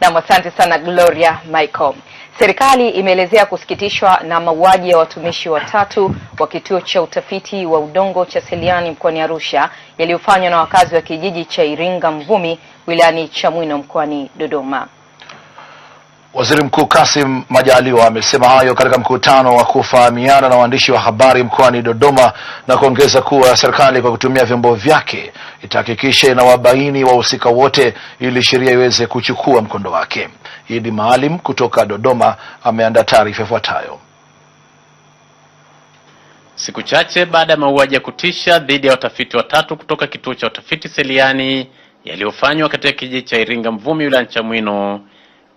Nam, asante sana Gloria Michael. Serikali imeelezea kusikitishwa na mauaji ya watumishi watatu wa kituo cha utafiti wa udongo cha Seliani mkoani Arusha yaliyofanywa na wakazi wa kijiji cha Iringa Mvumi wilayani Chamwino mkoani Dodoma. Waziri Mkuu Kassim Majaliwa amesema hayo katika mkutano wa kufahamiana na waandishi wa habari mkoani Dodoma na kuongeza kuwa serikali kwa kutumia vyombo vyake itahakikisha inawabaini wahusika wote ili sheria iweze kuchukua mkondo wake. Idi Maalim kutoka Dodoma ameandaa taarifa ifuatayo. Siku chache baada ya mauaji ya kutisha dhidi ya watafiti watatu kutoka kituo cha utafiti Seliani yaliyofanywa katika kijiji cha Iringa Mvumi wilayani Chamwino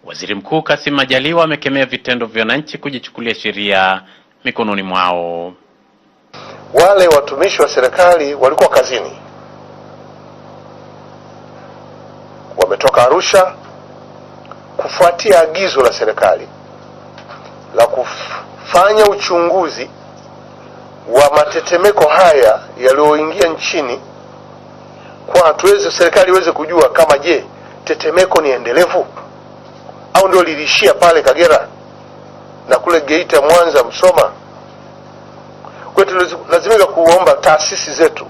Waziri Mkuu Kassim Majaliwa amekemea vitendo vya wananchi kujichukulia sheria mikononi mwao. Wale watumishi wa serikali walikuwa kazini, wametoka Arusha kufuatia agizo la serikali la kufanya uchunguzi wa matetemeko haya yaliyoingia nchini, kwa hatuwezi serikali iweze kujua kama je, tetemeko ni endelevu hilo liliishia pale Kagera na kule Geita, Mwanza, Msoma. Kwa hiyo kuomba taasisi zetu,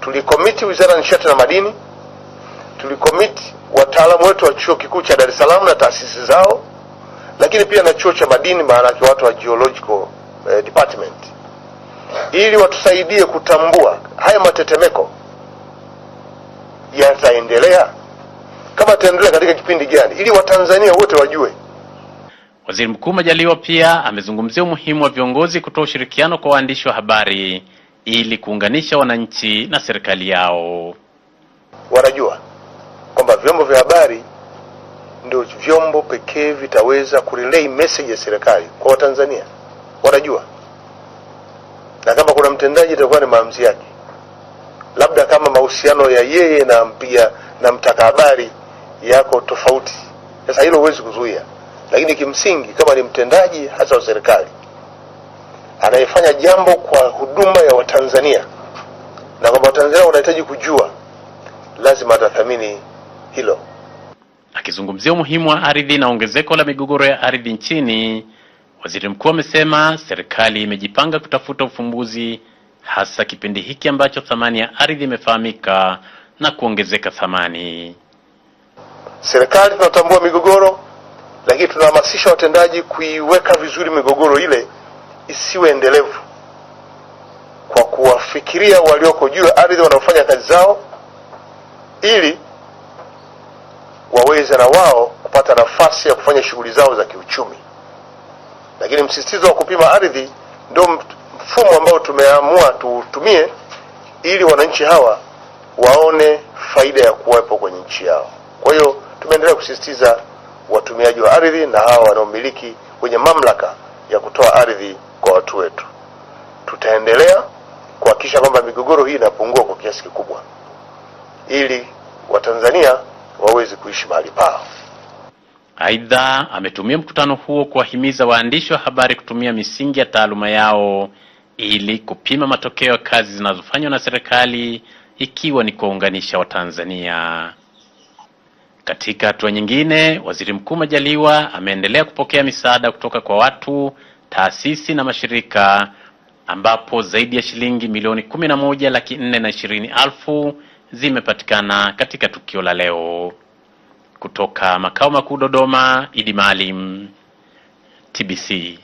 tulikomiti Wizara ya Nishati na Madini, tulikomiti wataalamu wetu wa Chuo Kikuu cha Dar es Salaam na taasisi zao, lakini pia na chuo cha madini, maanake watu wa geological eh, department, ili watusaidie kutambua haya matetemeko yataendelea kama ataendelea katika kipindi gani, ili watanzania wote wajue. Waziri Mkuu Majaliwa pia amezungumzia umuhimu wa viongozi kutoa ushirikiano kwa waandishi wa habari ili kuunganisha wananchi na serikali yao. Wanajua kwamba vyombo vya habari ndio vyombo pekee vitaweza kurelay message ya serikali kwa Watanzania. Wanajua, na kama kuna mtendaji itakuwa ni maamuzi yake, labda kama mahusiano ya yeye na mpiga na mtaka habari yako tofauti. Sasa hilo huwezi kuzuia, lakini kimsingi, kama ni mtendaji hasa wa serikali anayefanya jambo kwa huduma ya Watanzania na kwamba Watanzania wanahitaji kujua, lazima atathamini hilo. Akizungumzia umuhimu wa ardhi na ongezeko la migogoro ya ardhi nchini, waziri mkuu amesema serikali imejipanga kutafuta ufumbuzi, hasa kipindi hiki ambacho thamani ya ardhi imefahamika na kuongezeka thamani. Serikali tunatambua migogoro, lakini tunahamasisha watendaji kuiweka vizuri migogoro ile isiwe endelevu, kwa kuwafikiria walioko juu ya ardhi wanaofanya kazi zao, ili waweze na wao kupata nafasi ya kufanya shughuli zao za kiuchumi. Lakini msisitizo wa kupima ardhi ndio mfumo ambao tumeamua tuutumie, ili wananchi hawa waone faida ya kuwepo kwenye nchi yao. Kwa hiyo Tumeendelea kusisitiza watumiaji wa ardhi na hawa wanaomiliki wenye mamlaka ya kutoa ardhi kwa watu wetu, tutaendelea kuhakikisha kwamba migogoro hii inapungua kwa kiasi kikubwa ili Watanzania waweze kuishi mahali pao. Aidha, ametumia mkutano huo kuwahimiza waandishi wa habari kutumia misingi ya taaluma yao ili kupima matokeo ya kazi zinazofanywa na serikali ikiwa ni kuwaunganisha Watanzania. Katika hatua nyingine, Waziri Mkuu Majaliwa ameendelea kupokea misaada kutoka kwa watu, taasisi na mashirika ambapo zaidi ya shilingi milioni kumi na moja laki nne na ishirini alfu zimepatikana katika tukio la leo. Kutoka makao makuu Dodoma, Idi Maalim, TBC.